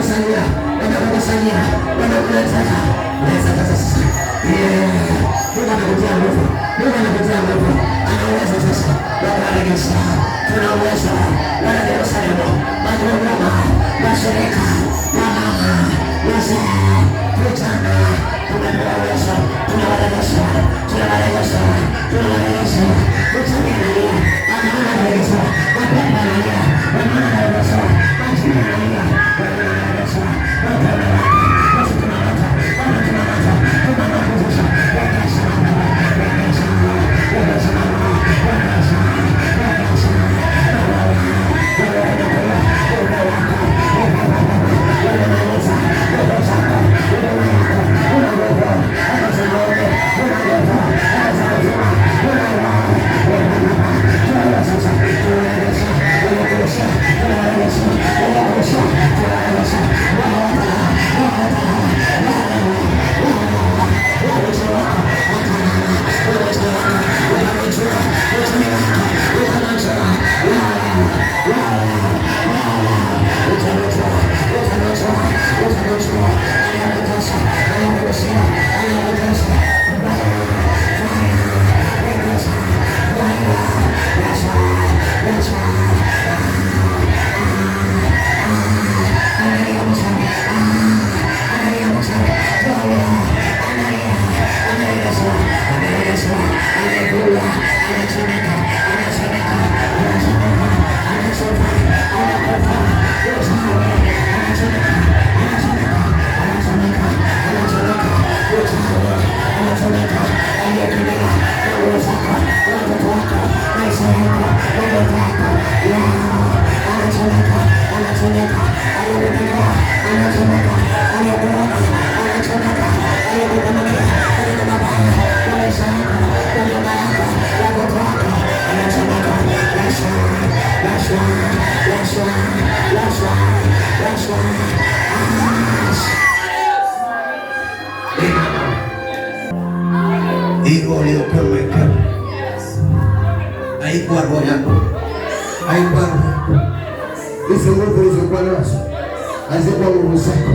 wanakusanyia, wanakusanyia, wanakuletana. Naweza kaza sasa. Mungu anakutia nguvu, Mungu anakutia nguvu, ana uwezo sasa wa kuwarejesha. Tuna uwezo wana Yerusalemu, magurudumu, mashirika, wamama, wazee, vijana, tunapewa uwezo, tunawarejesha, tunawarejesha, tunawarejesha. Mtumie nani anaona uwezo haikuwa roho yako, haikuwa roho yako. Hizo nguvu ulizokuwa nazo hazikuwa nguvu zako,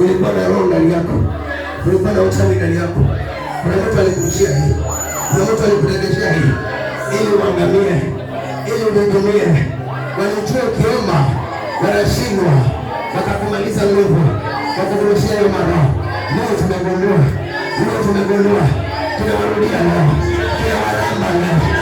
ulikuwa na roho ndani yako, ulikuwa na uchawi ndani yako. Kuna mtu alikujia hii, kuna mtu alikudedeshea hii ili uangamie, ili udutumie. Walijua ukiomba wanashindwa, wakakumaliza nguvu, wakakurudishia hiyo mara. Leo tumegundua, leo tumegundua, tunawarudia leo, tunawaramba leo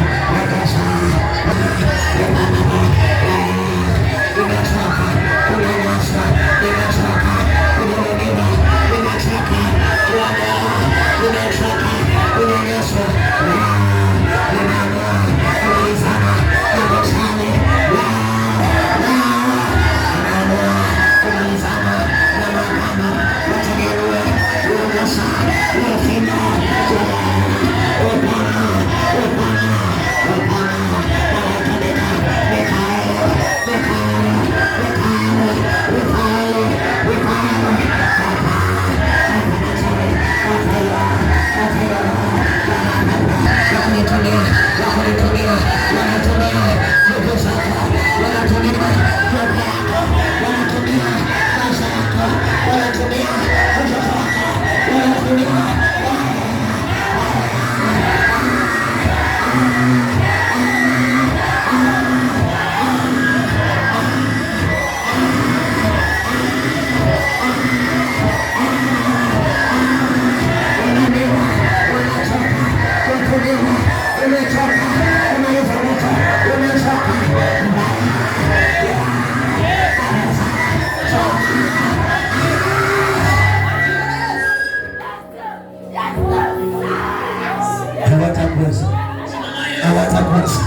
hawatakosa,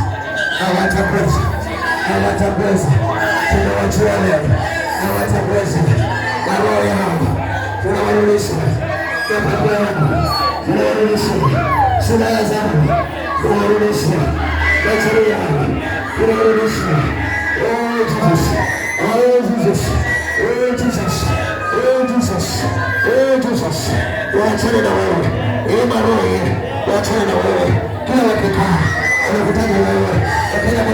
hawatakosa, hawatakosa. Tunawajua leo, hawatakosa na roho yangu tunawarudisha na baba tunawarudisha, silaha zangu tunawarudisha, majeri yangu tunawarudisha. Oh, oh, oh, oh na wewe, ima roho yenu, waachane na wewe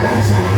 Thank you.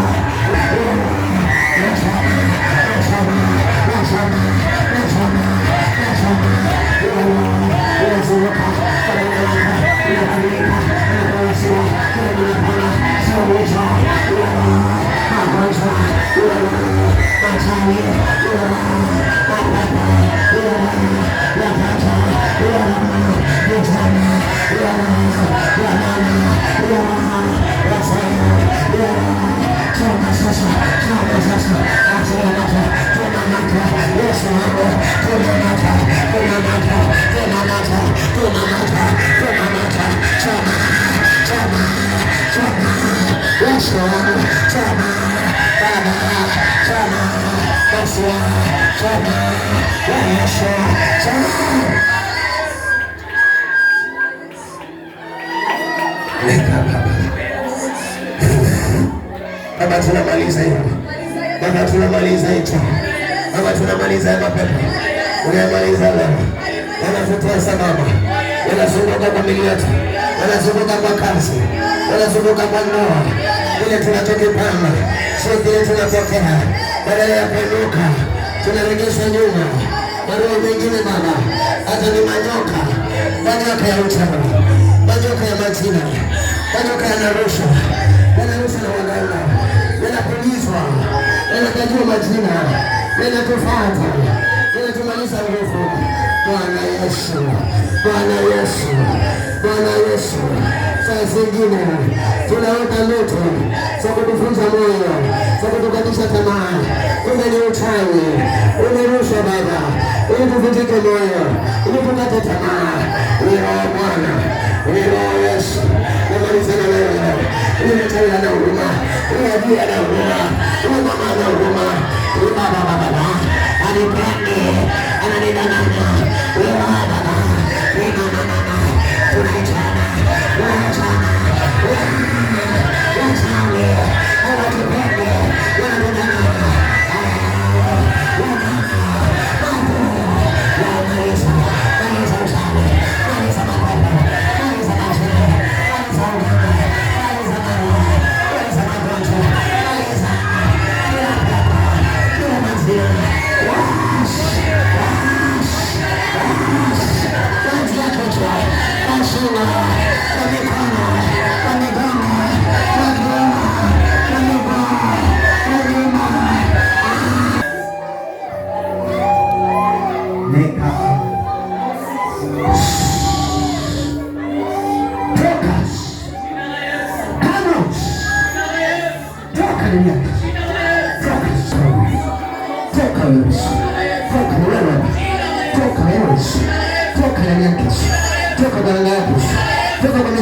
Let's go. Baba, tunamaliza hiyo. Baba, tunamaliza hicho. Baba, tunamaliza haya mapepo. Unayamaliza leo. Wanatutesa Baba, wanazunguka kwa mili yetu, kwa kazi, wanazunguka kwa ndoa. Ile tunachokipanga sio kile tunapokea, badala ya kuinuka tunaregesha nyuma. Barua mengine Baba hata ni manyoka, manyoka ya uchawi, manyoka ya majina, manyoka ya narusha, yanarusha na waganga yanatimizwa, yanatajua majina, yanatufata, yanatumaliza nguvu. Bwana Yesu, Bwana Yesu, Bwana Yesu. Saa zingine tunaota ndoto za kutufunza moyo, za kutukatisha tamaa. Kumbe ni uchawi umerushwa Baba, ili tuvunjike moyo, ili tukate tamaa. Leo ee Bwana Yes. 우리 잘나나 우마 우리 미안나 우마 우마마나 우마 우마바바바바 아니 브랜디 아니 나나나 우마바바 우마나나나 우라이차나 우라이차나 우라이차나 우라이차나 우라이차나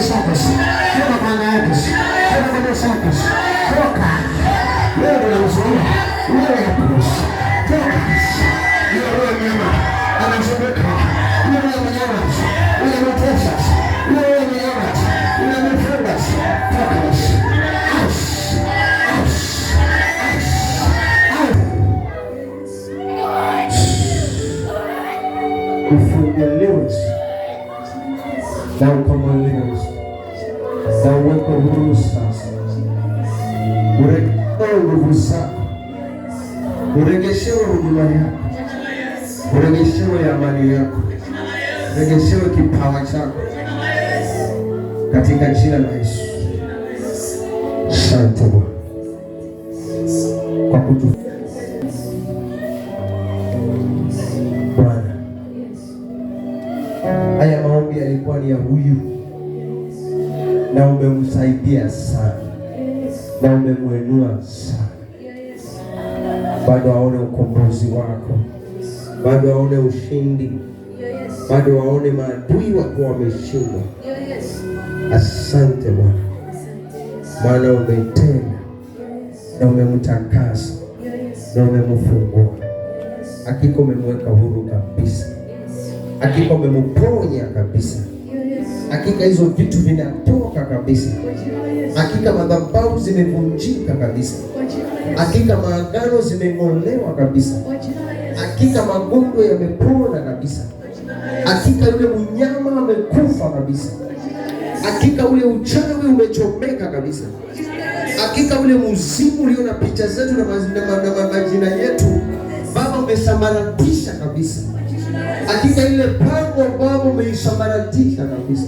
Sabbath, tena Bwana Sabbath, tena Bwana Sabbath, toka wewe, unamzuia wewe, hapusi toka wewe, mnyama anazunguka wewe, mnyama unamtesa wewe, mnyama unamfunga, toka ufunguliwe na ukombolewe na uweke huru sasa, uregeshewe nguvu zako, uregeshewe huduma yako, uregeshewe amani yako, uregeshewe kipawa chako katika jina la Yesu. Asante kwa kutu Bwana, haya maombi yalikuwa ni ya huyu na umemsaidia sana na umemwenua sana. Bado aone ukombozi wako, bado aone ushindi, bado aone maadui wako wameshindwa. Asante Bwana, maana umetenda na umemtakasa na umemfungua. Hakika umemweka huru kabisa, hakika umemponya kabisa. Hakika hizo vitu vinatoka kabisa. Hakika madhabahu zimevunjika kabisa. Hakika maagano zimeng'olewa kabisa. Hakika magongo yamepona kabisa. Hakika yule mnyama amekufa kabisa. Hakika ule uchawi umechomeka kabisa. Hakika ule muzimu ulio na picha zetu na majina yetu, Baba, umesambaratisha kabisa atika ile pango ambapo umeisambaratika kabisa,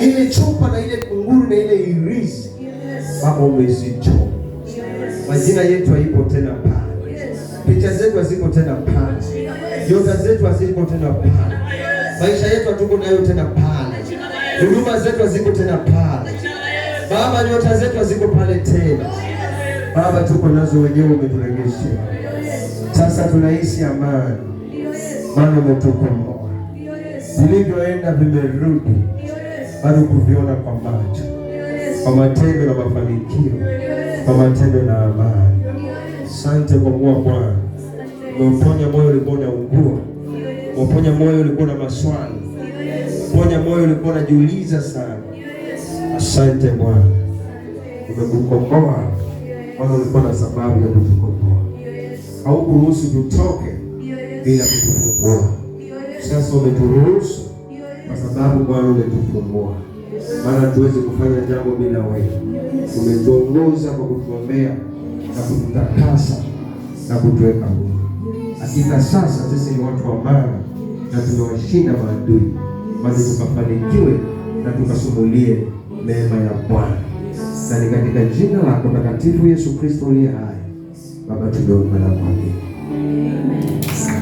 ile chupa na ile kunguru na ile irisi Baba umezitoa. Majina yetu haipo tena pale, picha zetu hazipo tena pale, nyota zetu hazipo tena pale, maisha yetu hatuko nayo tena pale, huduma zetu haziko tena pale Baba, nyota zetu haziko pale tena Baba, tuko nazo wenyewe, umeturegesha sasa, tunaisi amani maana umetoka Moa, vilivyoenda vimerudi, bado kuviona kwa macho, kwa matendo na mafanikio, kwa matendo na amani. Sante kwa kuwa Bwana umeponya moyo ulikuwa unaugua, umeponya moyo ulikuwa na maswali, ponya moyo ulikuwa unajiuliza sana. Asante Bwana, umekukomboa Bwana, ulikuwa na sababu ya kutukomboa, haukuruhusu tutoke bila kutu sasa umeturuhusu kwa sababu Bwana umetufungua, maana hatuwezi kufanya jambo bila wewe. Umetuongoza kwa kutuombea na kututakasa na kutuweka huru. Hakika sasa sisi ni watu wa mbara na tumewashinda maadui, bali tukafanikiwe na tukasumulie neema ya Bwana, na ni katika jina lako takatifu Yesu Kristo uliye hai Baba tumeomba na kuamini.